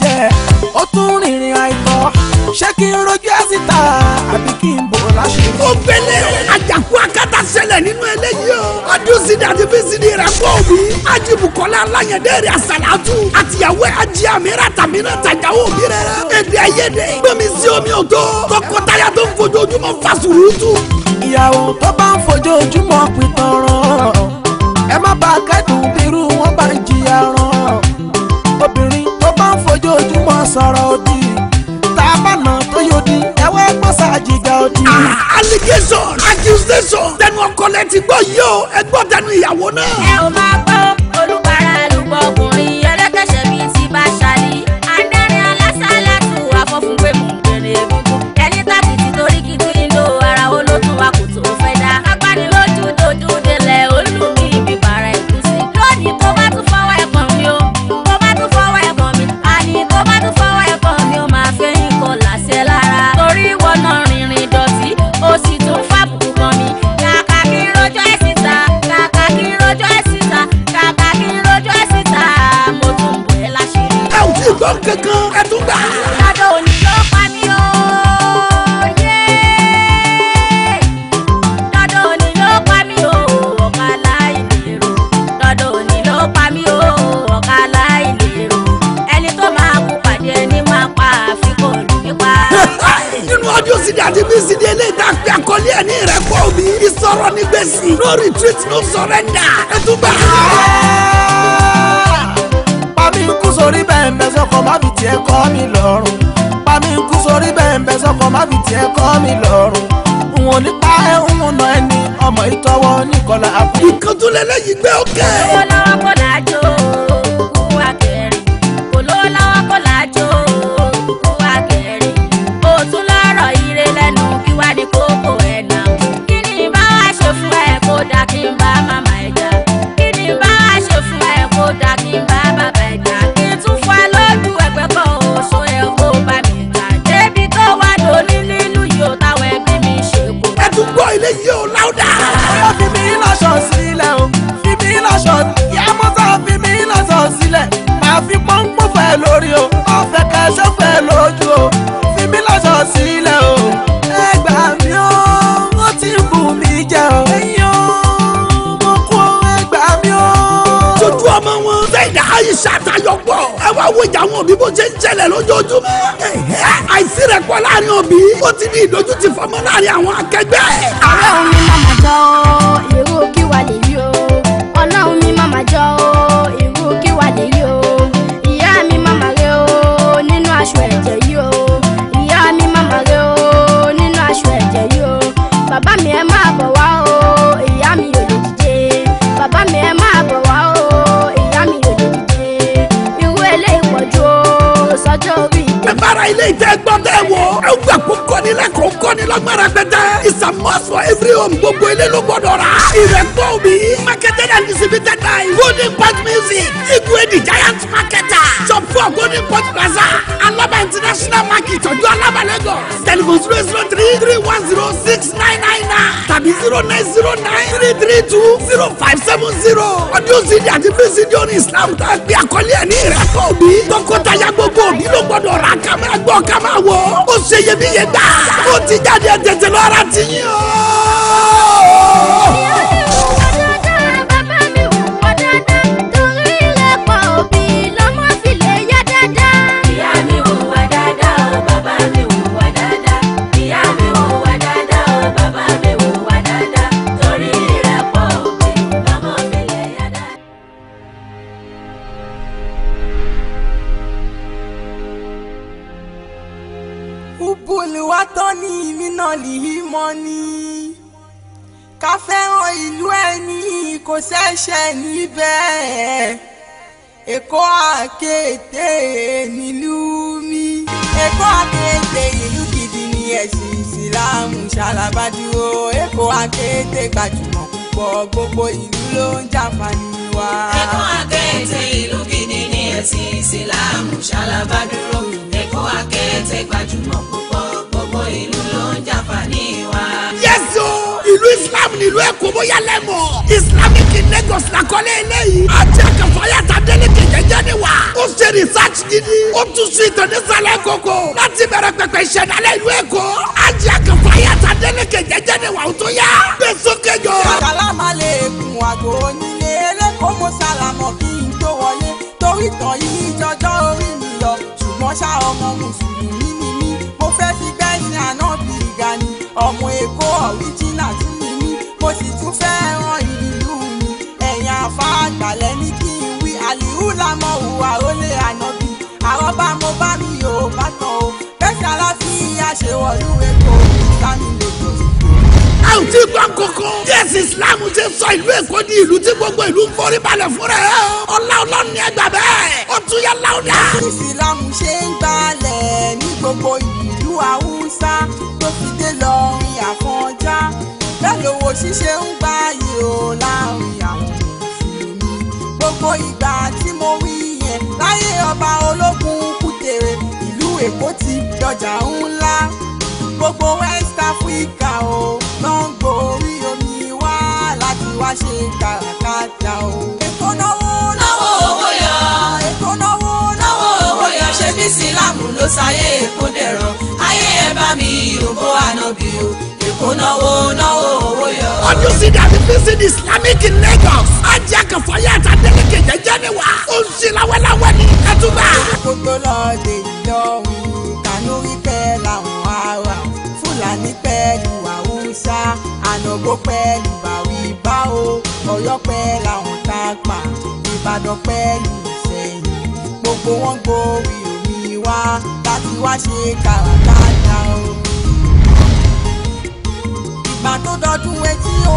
jẹ́ ó tún rìnrìn àìtọ́ ṣé kí n rojú àsìta àbí kí n bò láṣìírí. ó gbélé àjàkú akátá nínú eléyìí o. ọdún sídìí àti bísídìí rẹ̀ fún òbí. ajibukọ́lá aláyẹ̀dẹ́ rẹ̀ àsàlátù àtìyàwó ajé àmìíràn tàmíràn tàjáwó òbí rẹ̀. èdè ayédè gbọ́mi sí omi òtó tọkọtaya tó ń fojoojúmọ́ fasurutu. ìyàwó tó bá ń fojoojúmọ́ pìtàn rọ̀ ẹ má bàa kẹ́kọ̀ọ́. sọ̀rọ̀ òdì tábànà tó yòdì ẹ̀wẹ́ gbọ́sà jìgà òdì. Ah, allegation accusation tẹnu ọkọ lẹ ti gbọ́ yìí ẹ gbọ́ tẹnu ìyàwó náà. ẹ ò máa bá pàṣídì àti bíṣídì eléyìí tá àkọlé ẹ̀ ní ìrẹ́pọ̀ mi ìsọ̀rọ̀ ní gbèsè no retreat no surrender ẹ tún bá a. pàmí kú sórí bẹ́ẹ̀ mẹ́sọ̀kọ̀ má fi tiẹ̀ kọ́ mi lọ́rùn pàmí kú sórí bẹ́ẹ̀ mẹ́sọ̀kọ̀ má fi tiẹ̀ kọ́ mi lọ́rùn n ní pa ẹ̀ ń nà ẹni ọmọ ìtọ́wọ́ nìkọlá àpò. ìkọ́túnlẹ̀ lẹ́yìn gbé òkè. ìwọ lọ́wọ́ kọ́dà òbí bó ṣe ń ṣẹlẹ̀ lójoojúmọ́. àìsí rẹ̀ pọ̀ láàrin òbí ó ti ní ìdójútì fọ́mọ láàrin àwọn akẹgbẹ́. ọ̀rẹ́ òun ni màmá jọ ìró kí wà lè must for every home gbogbo ilé ló gbọdọ̀ rà. ìrẹ́pọ̀ mi. má and distributed by Golden Pot Music, Igwe the Giant Marketer, Shop for Golden Pot Plaza, Alaba International Market, Ojo Alaba Lagos. Telephone nine 310 nine tàbí 0909 332 zero Ọdún Sídìí àti Bírísídìí orin Islam tá a gbé àkọlé ẹ̀ ní ìrẹ́pọ̀ òbí. Tọkọtaya gbogbo òbí ló gbọdọ̀ ra ká máa gbọ́ ká máa wọ̀. Ó ṣe iyebíye gbà. Ó ti jáde ẹ̀ tètè lọ́ra ti yín o. kò ṣẹ̀ṣẹ̀ níbẹ̀ èkó àkété nílùú mi èkó àkété ìlú gidi ni ẹ̀sìn ìsìlámù ṣàlàbádúró èkó àkété gbajúmọ̀ púpọ̀ gbogbo ìlú ló ń jàǹfààní wa. èkó àkété ìlú gidi ni ẹ̀sìn ìsìlámù ṣàlàbádúró èkó àkété gbajúmọ̀ púpọ̀. islam nílùú èkó bóyá lẹ́mọ̀ islamic in lagos làkọ́lé eléyìí àti àkàfọ́yà tàdélé jẹjẹ ni wa. ó ṣe research gidi. ó tún ṣe ìtàn nísàlẹ̀ koko. láti bẹ̀rẹ̀ pẹ̀pẹ̀ ìṣẹ̀dálẹ̀ ìlú Èkó. ajé àkànfà yàtà délékè ni wa ó tó yá. gbèsò kejò. sàlámà lè kun àgbo onílé eré kó mo sàlámọ̀ kí n tó wọlé torí tàn yìí jọjọ́ orí mi lọ ṣùgbọ́n ṣá ọmọ mùsùlùmí mo fẹ́ fi gbẹ́yìn àná bí ìgbà ni ṣe wọ ìwé kó sani Lagos. a ò tí gbọ́ kókó. jésù islam ṣe sọ ìlú èkó di ìlú tí gbogbo ìlú ń forí balẹ̀ fún rẹ̀. ọlá ọlọ́run yẹn gbà bẹ́ẹ̀. ó tún yẹ láwùjá. islam ṣe ń gbalẹ̀ ní gbogbo ìlú haúsá tó fi dé lọ́rin àfọ̀njá bẹ́ẹ̀ lówó ṣíṣe ń gbáyé o láàrin àwọn gbogbo ìgbà tí mo wí yẹn láyé ọba ológun èkó ti dọjà ńlá gbogbo west africa o ló ń gborí omi wá láti wá ṣe kàràkátà o. èkó náwó náwó owó yọ. èkó náwó náwó owó yọ ṣe bí sílámù ló ṣayé èkó dẹ̀rọ̀ ayé ẹ̀ bá mi ìrùbọ̀ ànábì kò náwó náwó owó yọ. ọdún sídà ní visit islamic in lagos ajá kan fọyà àtàdélékè jẹjẹ ni wa ó ń ṣe láwẹ́láwẹ́ ní kẹtùbà. gbogbo lọ lè lọ kanúrí pẹ́ làwọn ará fúlàní pẹ̀lú haúsá ànàgbó pẹ̀lú bàwí báwo ọ̀yọ́ pẹ́ làwọn tápà ìbàdàn pẹ̀lú ìṣẹ̀yìn gbogbo wọn gbòòrì omi wá láti wá ṣe kàràkátà o ìgbà tó dọdún etí o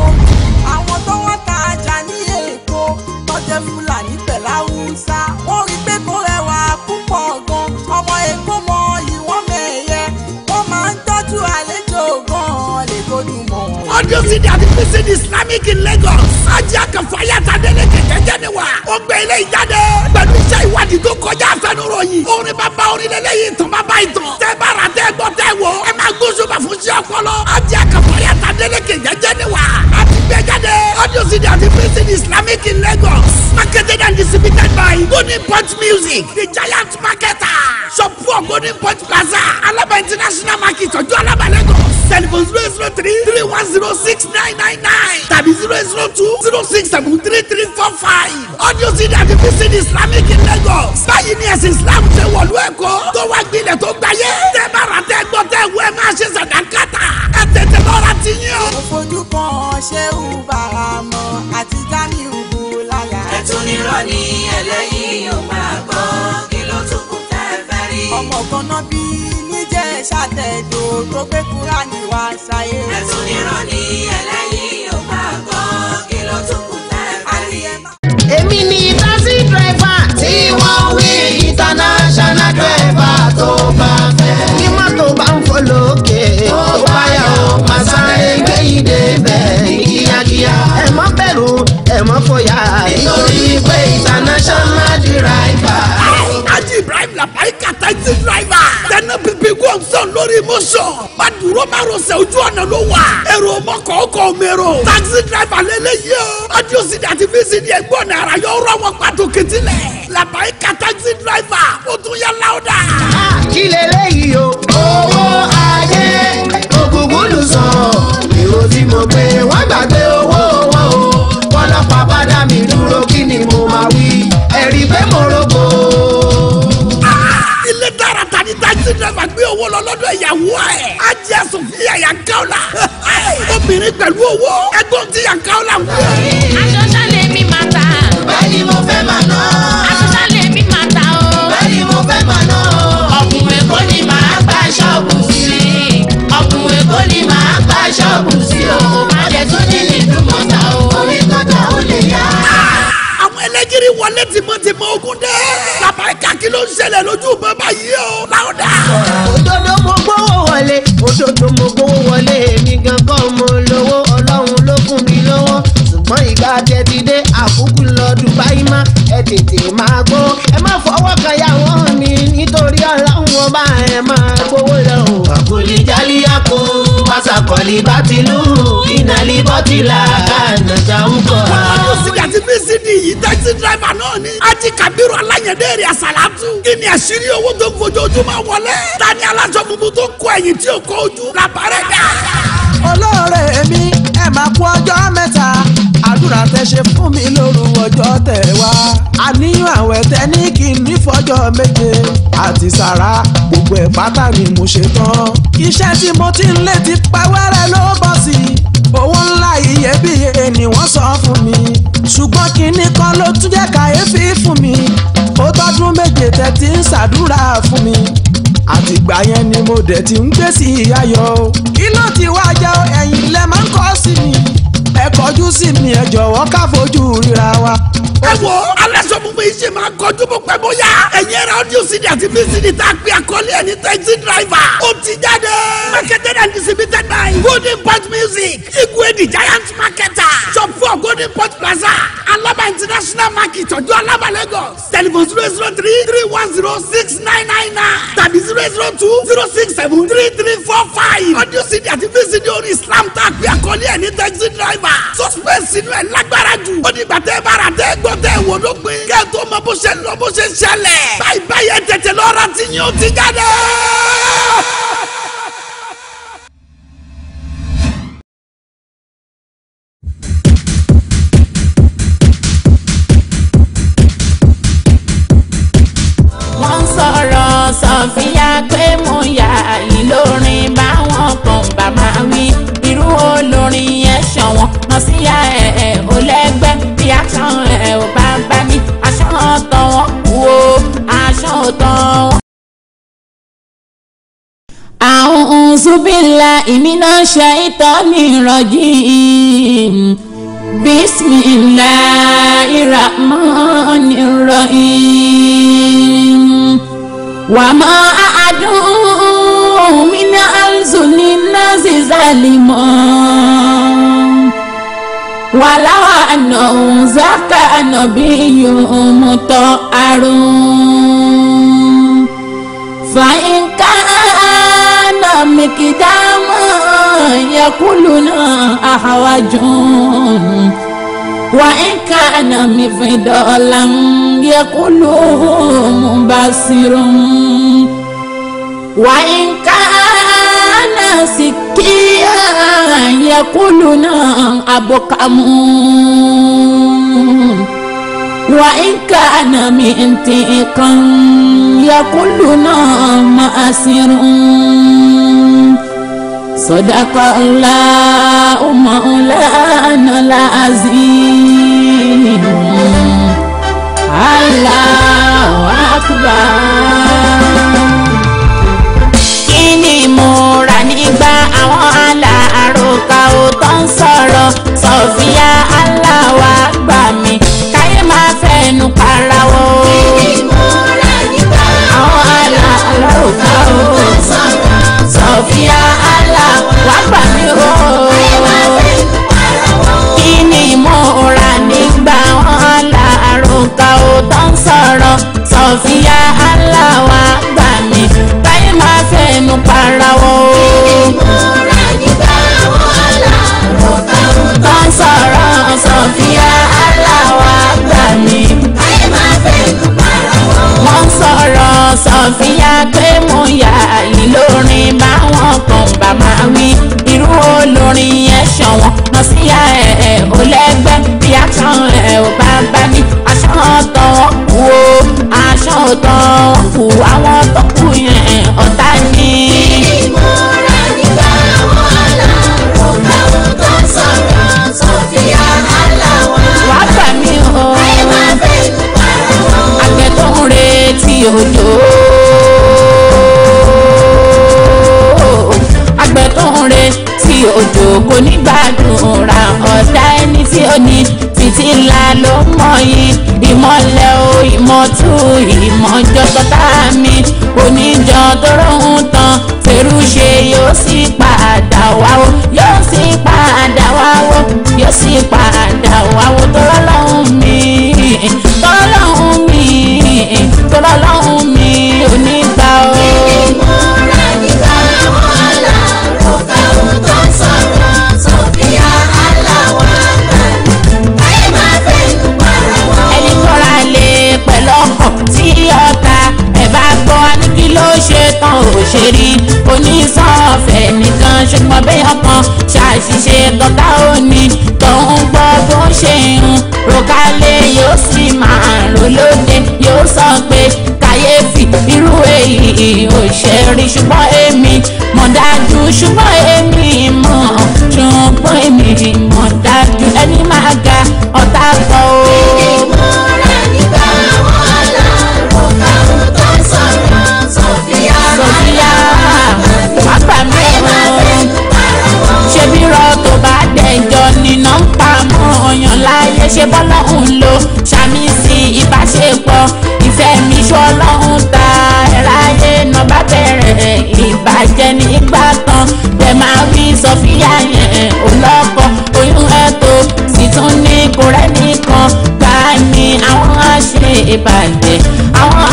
àwọn tó wọ́n ta ajá ní èkó tọ́jẹ́ fúlàní pẹ̀lú haúsá wọ́n rí pé kó rẹwà púpọ̀ gan ọmọ èkó mọ ìwọ́n mẹ̀yẹ wọ́n máa ń tọ́jú àlejò gan lè tó dùn mọ́. audio cd àti pcd islamic in Lagos ajá kan fàyà tàdélé kẹ̀kẹ́ jẹ́ ni wa ó gbé ilé ìjáde pẹ̀lú iṣẹ́ ìwádìí tó kọjá àfẹnuròyìn orin bàbá orin lélẹ́yìn ìtàn bàbá ìtàn tẹ́ bára tẹ́ gbọ́ tẹ́ wò ẹ máa gbóṣùbà fún sí ọpọlọ ajá kan fàyà tàdélé Adeleke jẹjẹ wa. a ti gbé jáde audio cd àti free cd Islamic in Lagos. marketed and distributed by Golden Pot Music the giant marketer. shop for Golden Pot Plaza Alaba International Market ọjọ́ Alaba Lagos. telephone zero zero three three one zero six nine nine nine tàbí zero zero two zero six seven three three four five. audio cd àti free cd Islamic in Lagos. báyìí ni ẹ̀sìn Islam ṣe wọ̀lú ẹ̀kọ́ tó wá gbilẹ̀ tó gbáyé. tẹ́ bá ra tẹ́ gbọ́ tẹ́ wọ ẹ máa ṣe sàdákàtà. ẹ tètè lọ́ra ti junior. mo fojú kan ṣéun bàràmọ àti tani ubu láyà. ẹtún nírọ̀ ni ẹlẹ́yìn ò máa gbọ́ kí ló tún kù fẹ́ẹ́ fẹ́ rí. ọmọ kan náà bí níjẹ́ ṣàtẹ̀dọ̀ tó gbé kúrà ní wá ṣayé. ẹtún nírọ̀ ni ẹlẹ́yìn ò máa gbọ́ kí ló tún kù fẹ́ẹ́ fẹ́ rí. èmi ni taxi driver tí wọ́n wí ìtànà. àìkàtà ti dráìvà. tẹnu bíbí gọ́ọ̀sán lórí mọ́ṣọ̀. má dúró má rọ̀ṣẹ̀ ojú ọ̀nà ló wà. èrò mọ́kọ̀ọ́kọ̀ mẹ́rọ. taxi driver lele lélẹ́yìí o. audio cd àti vcd ẹ̀gbọ́n náírà yóò rọ wọn pàtó kìtìlẹ̀. làbáyé ka taxi driver ó tún yà láwùdà. Ah, kí lè o. taxi driver gbé owó lọ lọ́dọ̀ ìyàwó ẹ̀ á jẹ́ ẹ̀sùn fún yàyà káwọ́là obìnrin pẹ̀lú owó ẹgbẹ́ ti yà káwọ́là wú. aṣọ ṣálẹ̀ mi máa ta. bẹ́ẹ̀ mo fẹ́ máa ná. aṣọ ṣálẹ̀ mi máa ta o. bẹ́ẹ̀ mo fẹ́ máa ná. ọ̀gùn èkó ni màá gba ṣọ́ọ̀bù sí i. ọ̀gùn èkó ni màá gba ṣọ́ọ̀bù sí i. àdẹ̀ tún ní nílùú mọ́ta o. orí kọ́ta ó lè yá. Ah! àwọn ẹlẹ́gìrì wọlé tìmọ́tìmọ́ ogun dẹ́ kí ló ń ṣẹlẹ̀ lójú ìbọn báyìí o. láwùdá. òdodo mo gbówó wọlé òdodo mo gbówó wọlé èmi gan kọ́ mo lówó ọlọ́run ló fún mi lówó ṣùgbọ́n ìgbà jẹ̀dídé àkókò lọ́dún báyìí má ẹ tètè máa gbó ẹ má fọwọ́ kan yà mi nítorí ọlọ́run ọba ẹ máa gbówó lọ́rùn àkòlíjálíyàkó masakọ̀lì bá ti lù ìnàlí bọ́tìlà ànàjà ń kọ́. ọlọ́dún sìgá ti fi sídi yìí taxi driver náà ni. ají kabiru alayẹ̀dẹ́ rẹ̀ àsàlátù. kí àṣírí owó tó fojoojúmọ́ wọlé. tani alájọ funfun tó kọ ẹ̀yìn tí ò kọ ojú. làbárẹ̀ dá. olóore mi ẹ máa kú ọjọ́ mẹ́ta àdúrà tẹ ṣe fún mi lóru ọjọ́ tẹ wá. àníyàn àwẹ̀ tẹ ní kí n nífọ̀jọ́ méje àti sàrà gbogbo ẹ̀ pátá ni mo ṣe tán. iṣẹ́ tí mo ti ń lé ti pa wẹ́rẹ́ ló bọ́ sí i. owó ńlá iyebíye ni wọ́n sọ fún mi. ṣùgbọ́n kinní kan ló tún jẹ́ kàyéfì fún mi. ó tọ́dún méje tẹ́ ti ń ṣàdúrà fún mi. àtìgbà yẹn ni mo dẹ̀ ti ń gbé sí ayọ̀. kí ló ti wá jẹ́ ẹ̀yìn lẹ́ máa ń kọ́ sí mi ẹ kọjú sí mi ẹ jọ̀wọ́ ká fojú ríra wa. ẹ wo alẹ́ sọ fún mi ṣe máa kọjú bó pẹ́ bóyá ẹ̀yin ẹ̀rọ audio cd àti vcd tá a pè àkọlé ẹni taxi driver ó ti jáde. marketed and distributed by golden Port music igwe the giant marketer shop four golden Port plaza alaba international market ọjọ́ alaba lagos telephone zero zero three three one zero six nine nine nine tàbí zero zero two zero six seven three three four five audio cd àti vcd orí islam tá a pè àkọlé ẹni taxi driver gbà. suspense inú ẹ̀ lágbára jù. ó ní gbàtẹ́ bára tẹ́ gbọ́ tẹ́ wò ló gbin. kẹ́ ẹ̀ tó mọ bó ṣe lọ bó ṣe ṣẹlẹ̀. báyìí báyìí ẹ̀ tètè lọ́ra tí yín ó ti jáde. billahi minash shaitanir rajim bismillahir rahmanir rahim wa ma a'adu min alzulin nazi zalimun walaw annahu zaka nabiyyun mutahharun fa in kana مقداما يقولون أحوج وإن كان مفضلا يقوله مبصر وإن كان سكيا يقولون أبكم وإن كان منطقا يقولون مأسر sọdakọ ńlá ọmọ ńlá nọlá azim Allahu akbar. kí ni mo rà nígbà àwọn aláàárọ̀ ká ó tó ń sọ̀rọ̀ sọ̀fíà aláwa gbà mí káyé máa fẹnu para. àfíyá pé mo yà ìlórin báwọn kan bá máa wí irú olórin yẹn ṣọ̀wọ́n lọ sí ya ẹ̀ ẹ̀ ò lẹ́gbẹ́ bí aṣọ ẹ̀ ò bá bá ní aṣọ tán wọ́n kú o aṣọ tán kú àwọn tó kù yẹn ọ̀tá ni. ìmọ̀ràn nígbà ọdún re tí òjò kò ní gbádùn ra ọ̀tá ẹni tí ó ní fìtílà ló mọ̀ yìí ìmọ̀lẹ̀ o ìmọ̀tú ìmọ̀jọ tọ́tà mi oníjọ tó rọ̀hún tán fèrúṣe yóò sì padà wá o yóò sì padà wá o yóò sì padà wá o tó lọ́lọ́hún mi tó lọ́lọ́hún mi tó lọ́lọ́hún mi oní. ṣe rí onísọ̀ọ̀fẹ́ nìkan ṣùgbọ́n bí ọkàn ṣàṣìṣe tọ́ta òní tòun gbọ́ bó ṣe ń ròkálẹ̀ yóò sì máa rólóde yóò sọ pé kàyéfì irú èyí ò ṣe rí ṣùgbọ́n èmi mọ̀ dájú ṣùgbọ́n èmi ṣe bọ́lọ́hún lò ṣàmì sí ìbáṣepọ̀ ìfẹ́ mi ṣọ́ ọlọ́hún ta ẹ̀ráyé náà bá bẹ̀rẹ̀ ìbàjẹ́ nígbà tán bẹ́ẹ̀ máa wí sọfíà yẹn ọlọ́pọ̀ oyún ẹ̀tọ́ sì tún ní kò nìkan gbà ní àwọn àṣẹ ìbàjẹ́ àwọn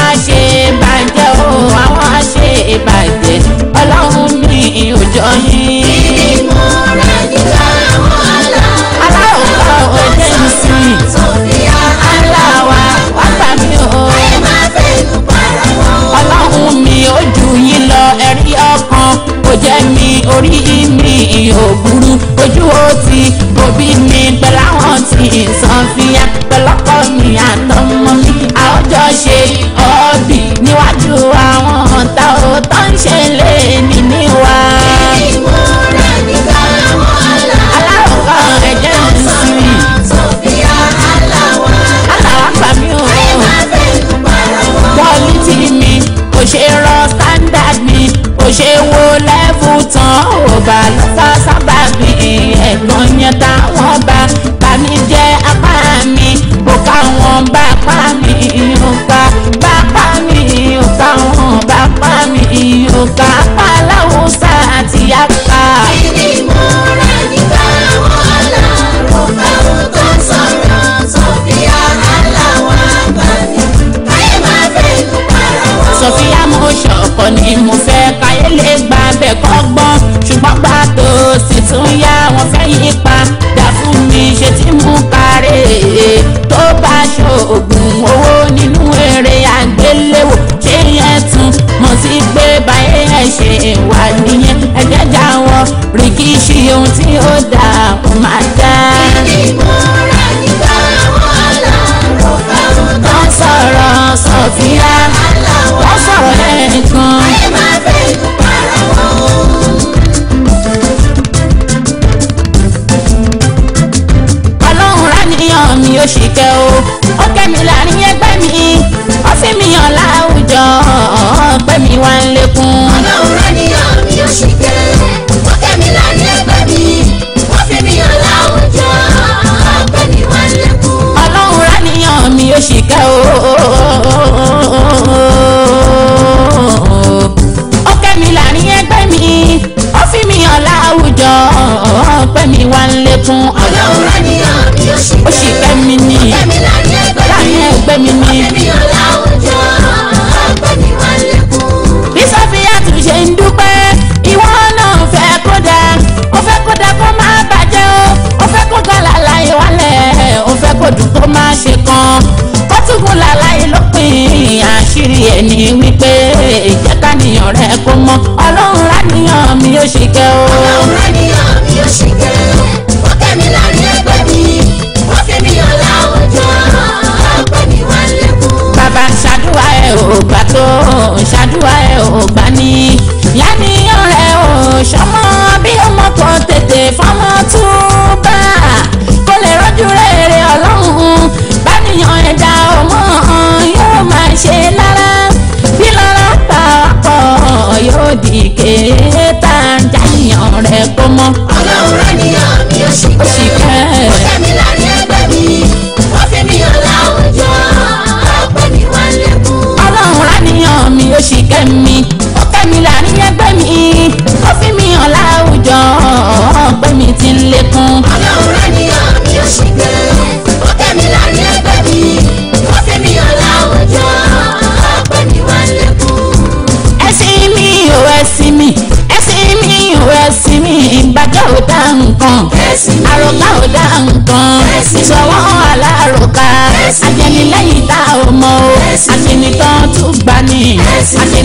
ìhò burú ojú ó ti òbí mi pẹ̀lú àwọn tí ìsànfìyà pẹ̀lọ́pọ̀ mi àtọmọ mi àwùjọ ṣe ọ́ọ̀bì níwájú àwọn ọ̀tá mi wá ń lékún ọ̀rọ̀.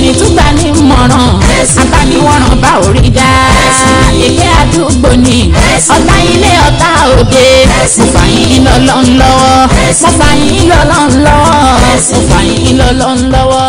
ẹni tún gbà ní mọ̀ràn àtàníwọ̀ràn bá orí dá èké àdúgbò ni ọ̀tá ilé ọ̀tá òde mo fà yín lọ́lọ́ ńlọ́wọ́ mo fà yín lọ́lọ́ ńlọ́wọ́ mo fà yín lọ́lọ́ ńlọ́wọ́.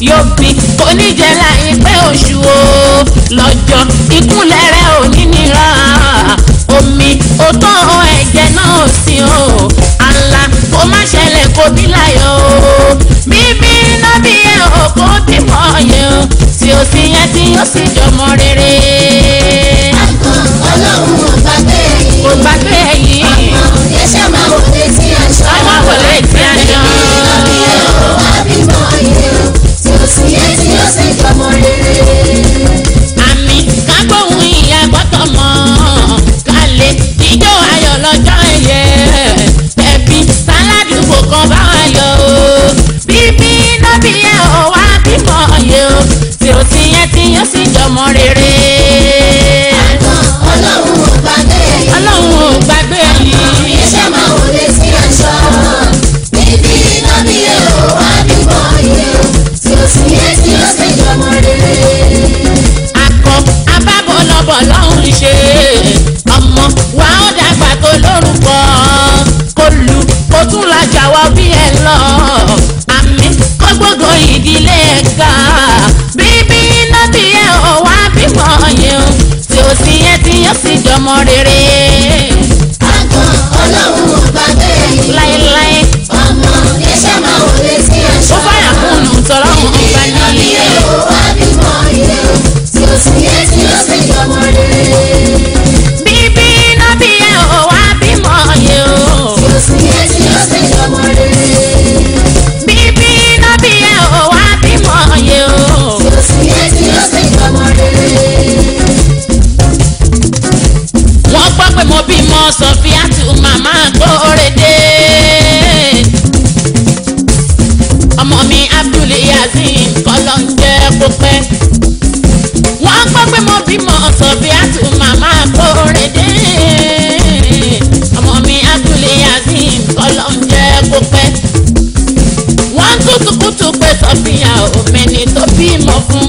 tí ó bí oníjẹlá yín pé oṣù o lọ́jọ́ ìkúnlẹ̀rẹ̀ òní omi òtọ́ ẹ̀jẹ̀ náà sí o àlà kó má ṣẹlẹ̀ kó bí láyọ̀ o bíbí náà bí ẹ̀ òkú bímọ yẹn o tí ó sì yẹ tí ó sì jọmọ rere. மாடேடே bímọ fún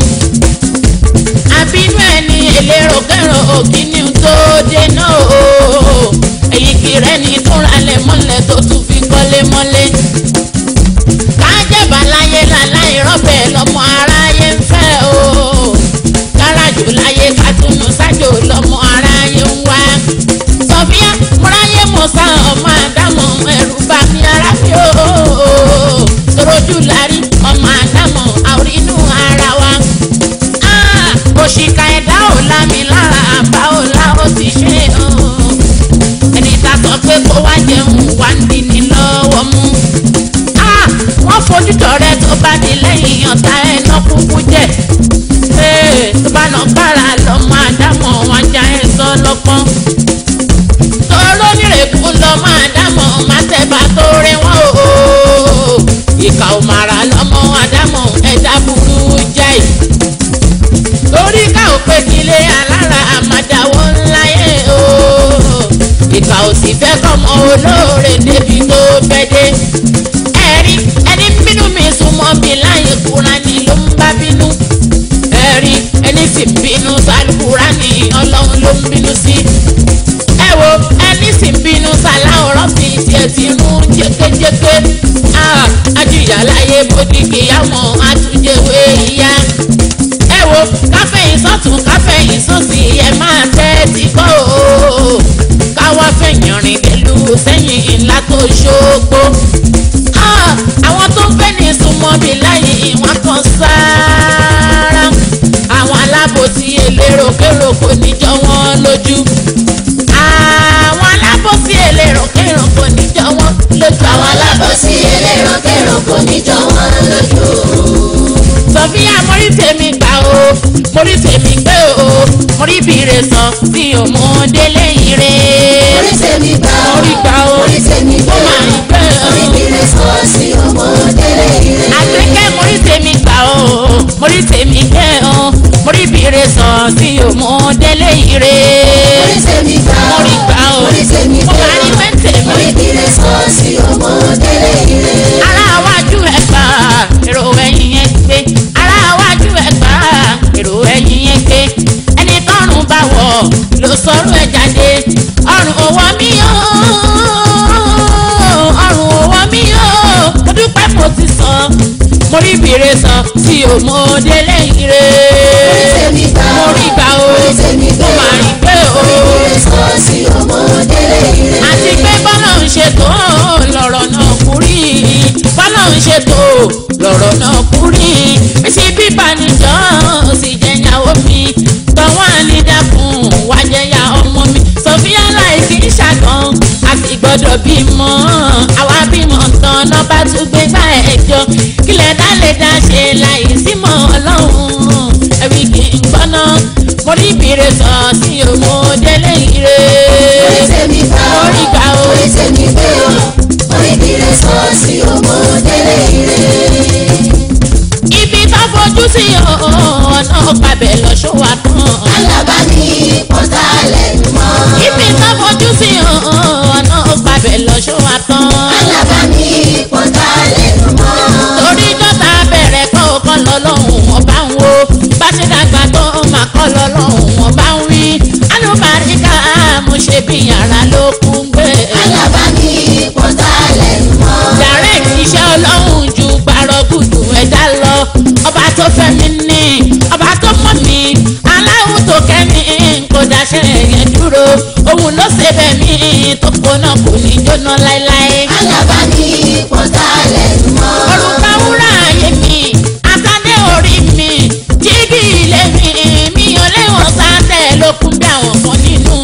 àbínú ẹni èlérò kẹrọ òkínní tó dé náà o èyí kì rẹ ní kúnra lẹ mọlẹ tó tún fi kọ́lé mọ́lé kájẹbà láyé láláì rọbẹ lọmọ aráyé ń fẹ́ o kárajù láyé kátùnú sájò lọmọ aráyé ń wá sọfíà múráyé mọ sáà ọmọ. oríbìrè sàn mi ò mú délé ire. orí tèmi gbà ó orí gbà ó orí tèmi gbà ó máa ń gbẹ ó oríbìrè sàn sí ọmọ délé ire. àgbẹ̀kẹ́ orí tèmi gbà ó orí tèmi gbẹ ó oríbìrè sàn sí ọmọ délé ire. ríbìrè san tí o mọ délé mo rí gbà o mo máa rí pé o. àti pé bọ́lá ń ṣètò dá ṣe láì sí mọ́ ọlọ́run ẹ̀rí kì í gbọ́ná mo rí ìbírẹ̀ sọ sí òmò ọ̀nà láéláé. alábá ní ipò sálẹ̀ mọ́. òrùka wúrà ayé mi asádé orí mi jígì ilé mi mi ò léwọ̀n sáńtẹ̀ ló kún bí àwọn kan nínú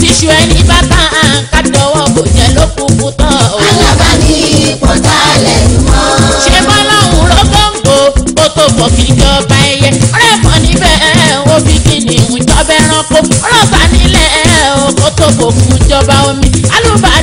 tíṣù ẹni bàbá àkàdọ́wọ́ kò jẹ́ ló kú fútọ́. alábá ní ipò sálẹ̀ mọ́. ṣé bọ́lá òun ló gbòǹgbò kó tó fò fi jọba ẹyẹ ọ̀rẹ́ kan níbẹ̀ òbí kìnìún jọba ẹranko ọlọ́sàn nílẹ̀ ó tó fò fún jọba omi alúbàdàn.